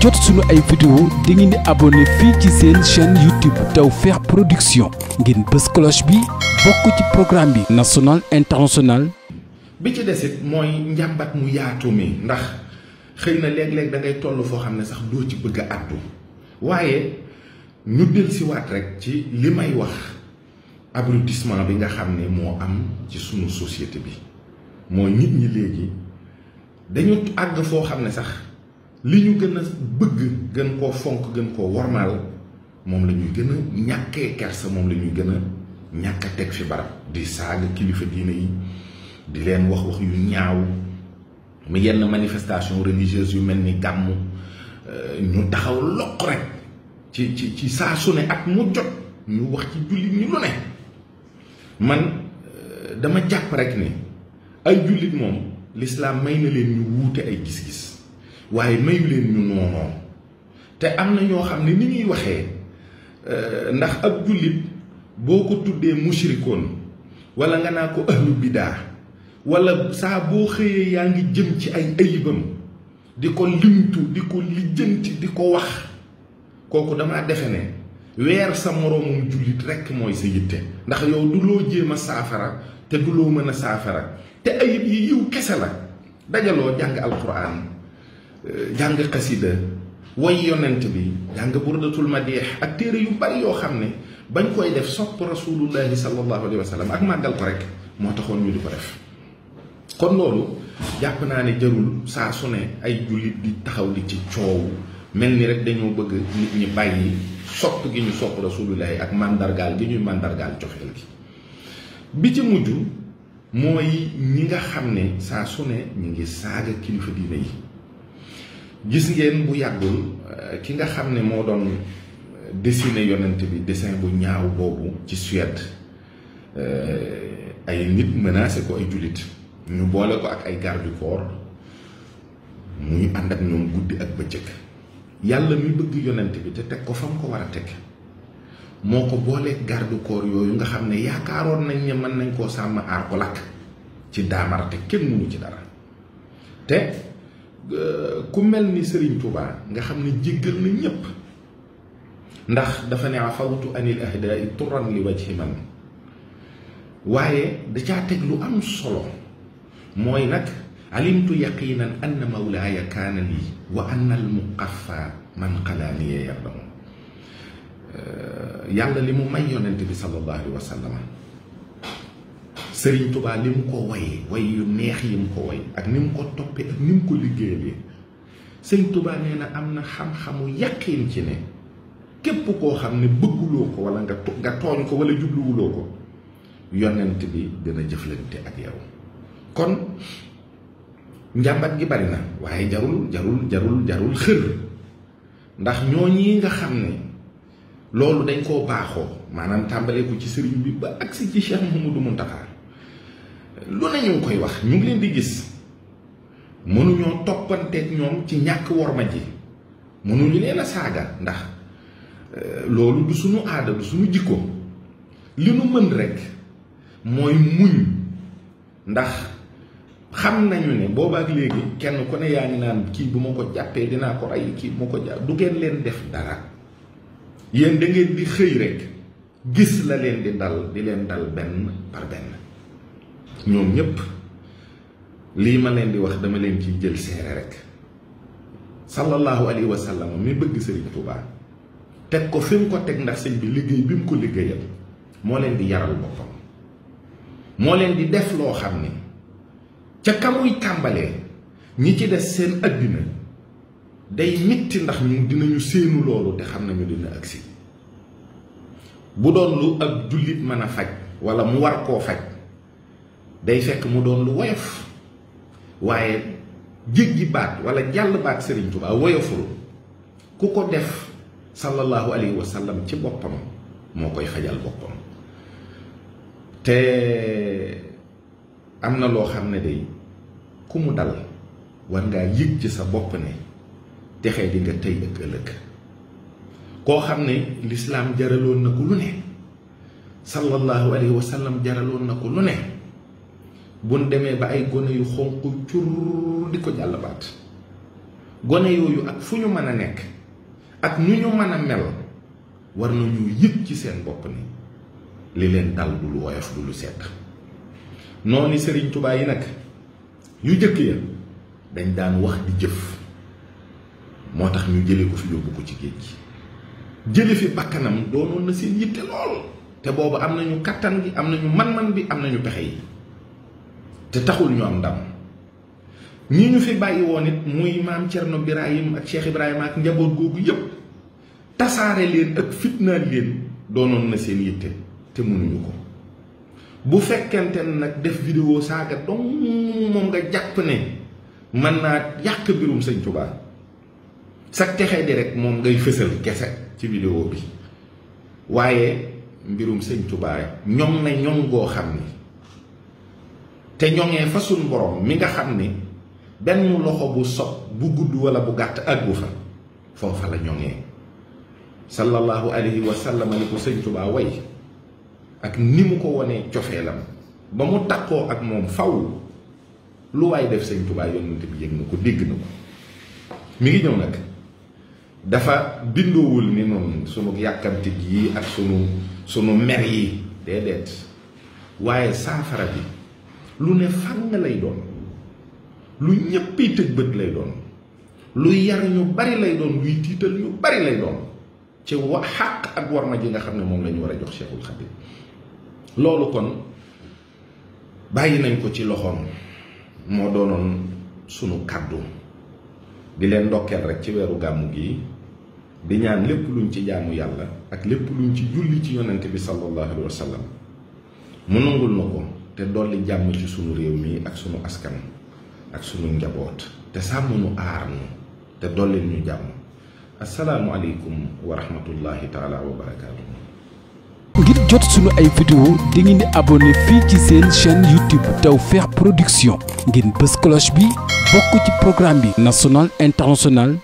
jot suñu ay vidéo da ngeen di abonné fii ci seen chaîne YouTube Tawfekh Production ngeen bës cloche bi bokk ci programme bi national international bi ci desit mooy njàmbat mu yaatu mi ndax xëy na léeg-léeg da ngay foo xam ne sax doo ci bëgg a àddu waaye ñu dellusiwaat rek ci li may wax abrutissement bi nga xam ne moo am ci sunu société bi mooy nit ñi léegi dañu àgg foo xam ne sax li ñu gën a bëgg gën koo fonk gën koo wormaal moom la ñuy gën a ñàkkee kers moom la ñuy gën a ñàkk teg fi barab di saaga kilifa diine yi di leen wax wax yu ñaaw mi yenn manifestation religieuse yu mel ni gàmmu euh, ñu taxaw lokk rek ci ci ci saa su ne ak mu jot ñu wax ci jullit ñi lu ne man euh, dama jàpp rek ni ay jullit moom lislaam may na leen ñu wuute ay gis-gis waaye mayu leen ñu noonoo te am na ñoo xam ne ni ñuy waxee euh, ndax ab jullit boo ko tuddee mushrikoon wala nga naa ko ahlu bidaa wala saa boo xëyee yaa ngi jëm ci ay ayibam di ko limtu di ko lijjanti di ko wax kooku dama defe ne weer sa moroomum jullit rekk mooy sa yitte ndax yow du loo jéem a saafara te du loo mën a saafara te ayib yi yiw kese la dajaloo jàng alquran jàng xasida way yonent bi jàng burdatul madix ak téere yu bari yoo xam ne bañ koy def sopp rasulullahi sallallahu alayhi wa ak màggal ko rek moo taxoon ñu di ko def kon loolu jàpp naa ne jarul saa su ne ay jullit di taxaw di ci coow mel ni rek dañoo bëgg nit ñi bàyyi sopp gi ñu sopp rasulullahi ak màndargaal gi ñuy màndargaal cofeel gi bi ci mujj mooy ñi nga xam ne saa su ne ñu ngi saaga kilifa diine yi gis ngeen bu yàggul euh, ki nga xam ne moo doon euh, dessiné yonent bi dessin bu ñaaw boobu ci Suède euh, ay nit menacé ko ay jullit ñu boole ko ak ay garde du corps muy ànd ak ñoom guddi ak bëccëg yàlla mi bëgg yonent bi te teg ko fa mu ko war a teg moo ko booleeg garde du corps yooyu nga xam ne yaakaaroon nañ ne mën nañ koo sàmm aar ci daamar te mu mënu ci dara te ku mel ni sëriñ Touba nga xam ne jéggal na ñépp ndax dafa ne afawtu anil ahdaai turan li wajhi man waaye da caa teg lu am solo mooy nag alimtu yaqinan anna mawlaaya kaana lii wa anna al muqaffa man qalaaniya yardamu yàlla li mu may yonent bi sallallahu wa sallam Serigne Touba li mu ko way way neex yi mu ko way ak ni mu ko topp te ak ni mu ko liggéeyee sëñ tubaa nee na am na xam-xamu yàqiin ci ne képp koo xam ne bëgguloo ko wala nga tooñ ko wala jubluwuloo ko yonent bi a jëflante ak yow kon njàmbat gi bari na waaye jarul jarul jarul jarul xër ndax ñoo ñi nga xam ne loolu dañ koo baaxoo maanaam tàmbalee ko ci sëriñ bi ba agsi ci Cheikh Mouhamadou Mountakha lu ne ngi koy wax ñu ngi leen di gis mënuñoo toppanteek ñoom ci ñàkk worma ji mënuñu leen a saaga ndax euh, loolu du suñu aada du suñu jikko li nu mën rekk mooy muñ ndax xam nañu ni boobaak léegi kenn ku ne yaa ngi naan kii bu ma ko jàppee dinaa ko rey kii bu ma ko jàpp du ngeen leen def dara yéen da ngeen di xëy rek gis la leen di dal di leen dal benn par benn ñoom ñépp lii ma leen di wax dama leen ci jël seere rek sallallahu alayhi wa sallam mi bëgg sëriñ Tuubaa teg ko fi mu ko teg ndax sëñ bi liggéey bi mu ko liggéeyal moo leen di yaral boppam moo leen di def loo xam ne ca kamuy tàmbalee ñi ci des seen àddina day mitti ndax ñu dinañu séenu loolu te xam nañu dina agsi bu doon lu ab jullit mën a faj wala mu war koo faj day fekk mu doon lu woyof waaye jéggi baat wala jàll baat Serigne Touba woyoful ku ko def sallallahu alayhi wa sallam ci boppam moo koy xajal boppam te am na loo xam ne day ku mu dal war ngaa yëg ci sa bopp ne texe di nga tey ëllëg koo xam ne lislaam jaraloon na ko lu ne sallallahu alayhi wa sallam jaraloon na ko lu ne buñ demee ba ay gone yu xonq cur di ko jàll baat gone yooyu ak fu ñu mën a nekk ak nu ñu mën a mel war nañu yëg ci seen bopp ni li leen dal du lu woyof du lu sedd noonu sëriñ Tuubaa yi nag yu jëkk ya dañ daan wax di jëf moo tax ñu jële ko fi yóbbu ko ci géej gi jële fi bakkanam doonoon na seen yitte lool te boobu am nañu kattan gi am nañu man-man bi am nañu pexe yi te taxul ñu am ndam ñi ñu fi bàyyi woon it muy maam Thierno Birahim ak Cheikh Ibrahima ak njaboot googu yëpp tasaare leen ak fitnaal leen doonoon na seen yitte te mënuñu ko bu fekkente ne nag def vidéo saaga dong moom nga jàpp ne mën naa yàq birum sëñ Tuubaa sa texe di rek moom ngay fësal kese ci vidéo bi waaye mbirum sëñ Tuubaa ñoŋ na ñoŋ goo xam ni te ñoŋee fa suñu borom mi nga xam ni benn loxo bu sob bu gudd wala bu gàtt àggu fa foofa la ñoŋee sallallahu alayhi wa sallam ni ko sëñ Tuubaa way ak ni mu ko wonee cofeelam ba mu takkoo ak moom faw lu waay def sëñ Tuubaa yonent bi yëg na ko dégg na ko mi ngi ñëw nag dafa bindoowul ni noonu sunu yàkkamti yi ak sunu sunu mer yi déedéet waaye saafara bi lu ne fàng lay doon lu ñëppay tëj bët lay doon lu yar ñu bari lay doon luy tiital ñu bari lay doon ci wa xàq ak war ma ji nga xam ne moom la war a jox Cheikhul Khadim loolu kon bàyyi nañ ko ci loxoom moo doonoon sunu kàddu di leen ndokkeel rek ci weeru gàmmu gi di ñaan lépp luñ ci jaamu yàlla ak lépp luñ ci julli ci yonent bi sallallahu alayhi wa sallam mu nangul na ko te dolli jàmm ci sunu réew mi ak sunu askan ak sunu njaboot te sàmm nu aar nu te dolli ñu jàmm asalaamualeykum wa rahmatullahi taala wa barakaatuhu ngir jot sunu ay vidéo di ngeen di abonné fii ci seen chaîne YouTube Tawfekh Production ngeen bës cloche bi bokk ci programme bi national international